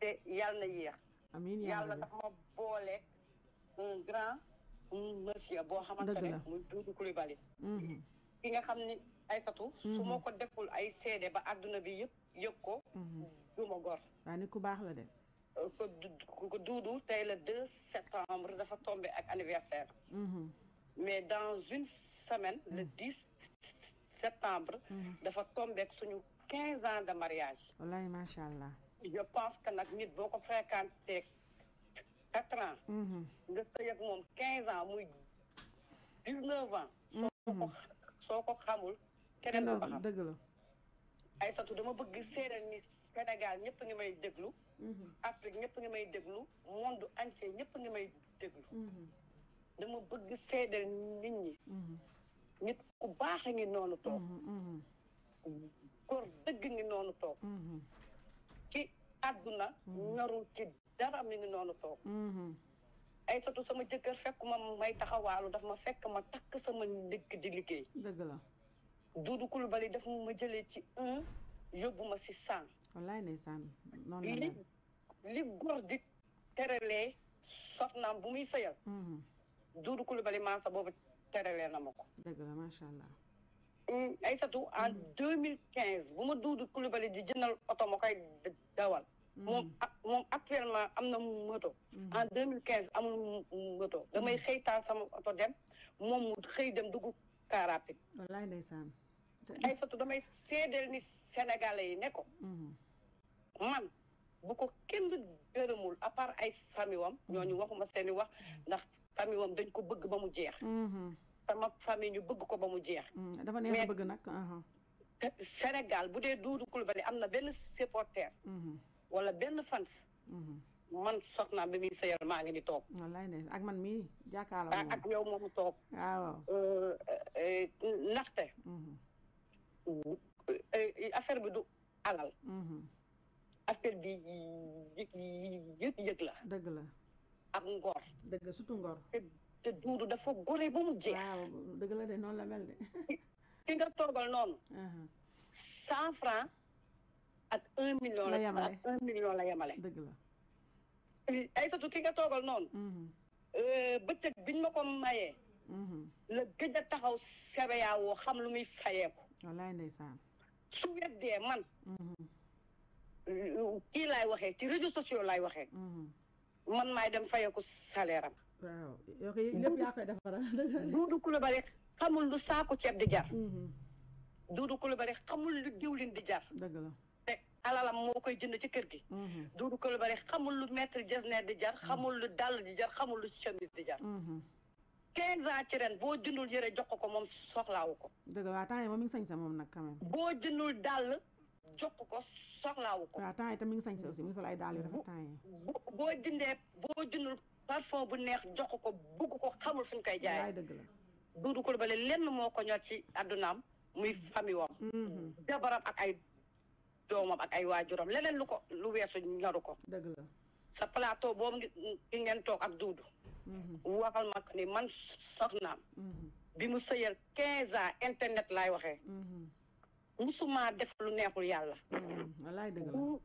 C'est la ne un grand un grand monsieur un xamante monsieur, un Doudou monsieur, mhm. ki nga monsieur, un su Il mhm. a ay ba un bi septembre mhm. mais dans une semaine le 10 septembre dafa 15 ans de mariage je pense que nag nit boo ko fréquenté quatre ans mhm. nga sëy ak moom quinze ans muy dix neuf ans mhm. soo ko xamul keneen ba xam dëgg la Aïssatou dama bëgg séeréer ni ñëpp ngi may déglu mhm. Afrique ñëpp ngi may déglu ñëpp ngi may dama bëgg séedal nit ñi nit ku baax ngi noonu toog góor dëgg ngi noonu toog ci àdduna mm-hmm. ñorul ci dara mi ngi noonu toog mm-hmm. ay sotu sama jëkkër fekk ma may taxawaalu daf ma fekk ma takk sama ndigg di liggéey dëgg la Doudou Coulibaly daf ma jëlee ci un yóbbu ma si cent wallaay ndeysaan noonu la li li góor di teralee soxnaam bu muy sëyal mm-hmm. Doudou Coulibaly maa sa boobu teralee na ma ko dëgg la macha allah Aïssatou en 2015 bu ma Doudou Coulibaly di jëndal oto ma koy dawal. moom moom actuellement am na moto. en 2015 amul moto damay xëy taal sama oto dem moom mu xëy dem dugg car rapide. wallaay ndeysaan. Aïssatou damay seedeel ni Sénégalais yi ne ko. man bu ko kenn gërëmul à part ay famille wam ñooñu waxuma seeni wax ndax famille wam dañ ko bëgg ba mu jeex. sama famille ñu bëgg ko ba mu jeex. Mm, dafa neex bëgg nak uh-huh. Sénégal bu dé Doudou Coulibaly bari amna benn supporter. Mm-hmm. wala benn fans. Mm-hmm. man soxna bi mi sëyal ma ngi di tok wallahi ne ak man mi jàkkaarloo moom ah, ak yow mom tok waaw. Euh, euh, mm-hmm. euh affaire bi du alal. affaire bi yëk yëk la. deug la. ak ngor. deug sutu ngor. Doudou dafa gore ba mu jeex. waaw dëgg la de noonu la mel de. ki nga toogal noonu. Uh-huh. cent franc ak un million. la yemale la yemale. dëgg la. ay satu ki nga toogal noonu. Uh-huh. Euh, bëccëg biñ ma ko mayee. Uh-huh. la gëj a taxaw sebeya woo xam lu muy fayeeku. wallaay ndeysaan. su weddee man. kii laay waxee ci réseaux sociaux lay waxee. man maay dem fayeeku salaire waaw yoo koy lépp yaa koy defaral. Doudou Coulibaly xamul lu saako ceeb di jar. Mhm. Doudou Coulibaly xamul lu diwlin di jar. dëgg la te alalam moo koy jënd ci kër gi. Mhm. Doudou Coulibaly xamul lu mètre jesner di jar. Mhm. xamul lu dàll di jar xamul lu chemise di jar. 15 ans ci ren boo jëndul yëre jox ko ko moom soxlaawu ko. dëgg la waaw temps moom mi ngi sañ sa moom nag quand même. boo jëndul dàll. jox ko soxlaawu ko. waaw temps yii mi ngi sañ sa aussi mi ngi sol ay dàll yu rafet temps parfum bu neex jox ko bugg ko xamul koy fu ñu ko jaayee. ba Coulibaly lenn moo ko ñor ci addunaam muy famille wam. Mm-hmm. jabaram ak ay doomam ak ay waajuram leneen lu ko lu weesu ñoru ko. dëgg la sa plateau boobu ngi ngeen toog ak Doudou. Mm-hmm. waxal ma ko ni man soxnaam. Mm-hmm. bi mu sëyal quinze ans internet laay waxee. musuma def lu neexul yàlla. wallaay dëgg la.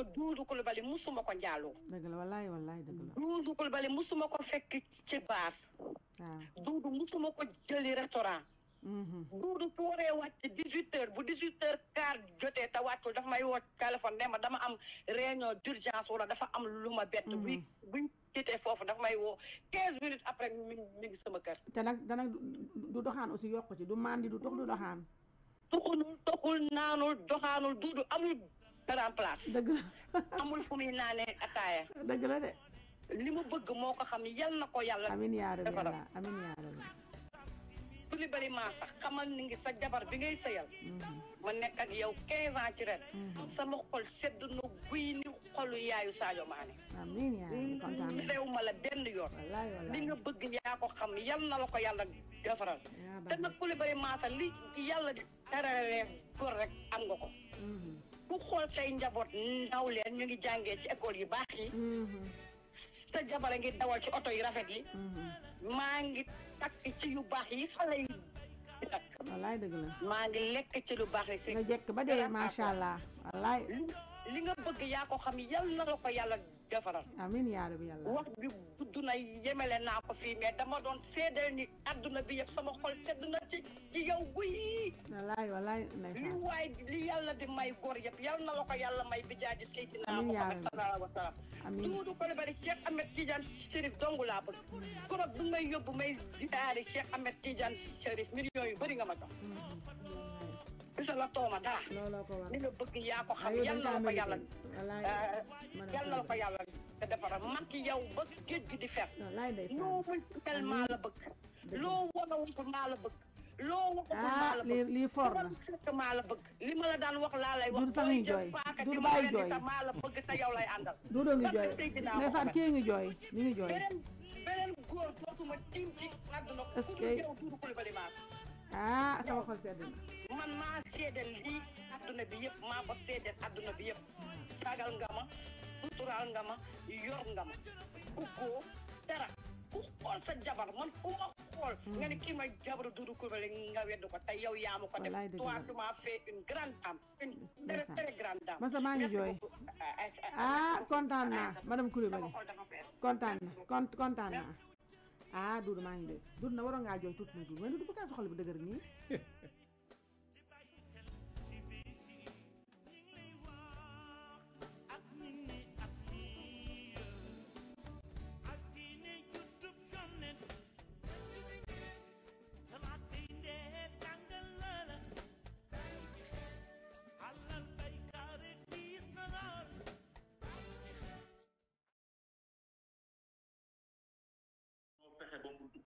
Doudou Coulibaly musuma ko njaaloo. dëgg la wallaay wallaay dëgg la. Doudou musuma ko fekk ci baar. waaw Doudou musuma ko jëli restaurant. Mhm. Doudou su waree wàcc dix huit heures bu dix huit heures quart jotee te wàccul dafa may woo téléphone ne ma dama am réunion d'urgence wala dafa am lu ma bett. Mhm. buy buy jotee foofu dafa may woo quinze minutes après mi ngi sama kër. te nag dana du doxaan aussi yokku ci du mandi du tox du doxaan. tuxul toxul naanul doxaanul Doudou amul. grand dëgg la amul fu muy de. li mu bëgg moo ko xam yal na ko yàlla. amiin yaa rabbi yàlla sax xamal ni ngi sa jabar bi ngay sëyal. Mm-hmm. ma nekk ak yow 15 ans ci mm-hmm. xol sedd na guy ni xolu yaayu Sadio Mané. amiin ma la benn yoon. li nga bëgg yaa ko xam yal na la ko yàlla defaral. te nag ku li yàlla di terale góor rek am nga ko. Mm-hmm. ku xool say njaboot ndaw leen ñu ngi jàngee ci école yu baax yi mm-hmm. sa jabara ngi dawal ci oto yu rafet yi mm-hmm. maa ngi takk ci yu baax yi xale yi wallaay dëgg la maa ngi lekk ci lu baax yi nga jekk ba dee macha allah wallaay li nga bëgg yaa ko xam yàlla la ko yàlla defaral amiin yaa rabbi yàlla wax bi gudd na yemele naa ko fii mais dama doon seedeel ni adduna bi yëpp sama xol sedd na ci ji iya, yow guy wallaay wallaay lu waay li yàlla di may góor yëpp yal na la ko may bi jaaji Seydina Muhammad ya sallallahu alayhi wa sallam duudu ko bari Cheikh Ahmed Tidiane bëgg bu may yóbbu may daari Cheikh Ahmed Tidiane Chérif yu nga ma jox bisa la tooma dara ni nga bëgg yaa ko xam yal na la ko yàlla na la ko yàlla defara man ki yow gi di mel la bëgg loo wan a la bëgg loo wax ah, maa la bëgg lii for na maa la bëgg li ma la daan wax laa lay wax. du sax ngi jooy du bàyyi jooy maa la bëgg te yow lay àndal. du doo ngi jooy ndeysaan kii ngi jooy ñu ngi jooy. beneen beneen góor dootuma tiim ci àdduna. est-ce ah sama xol sedd na. man maa seedeel lii àdduna bi yëpp maa ko seedeel àdduna bi yëpp sagal nga ma suturaal nga ma yor nga ma kukkoo dara. ku xool sa jabar man ku ma xool mm. nga ne kii ma jabar Doudou Coulibaly nga weddu ko tey yow yaa ma ko def toi tu m'as une grande dame une jooy ah, ah, ah, ah kontaan naa madame Coulibaly kontaan na kontaan naa ah Doudou maa ngi dégg na waroon ngaa jooy tuuti na Doudou mais Doudou bu soxla bi dëgër nii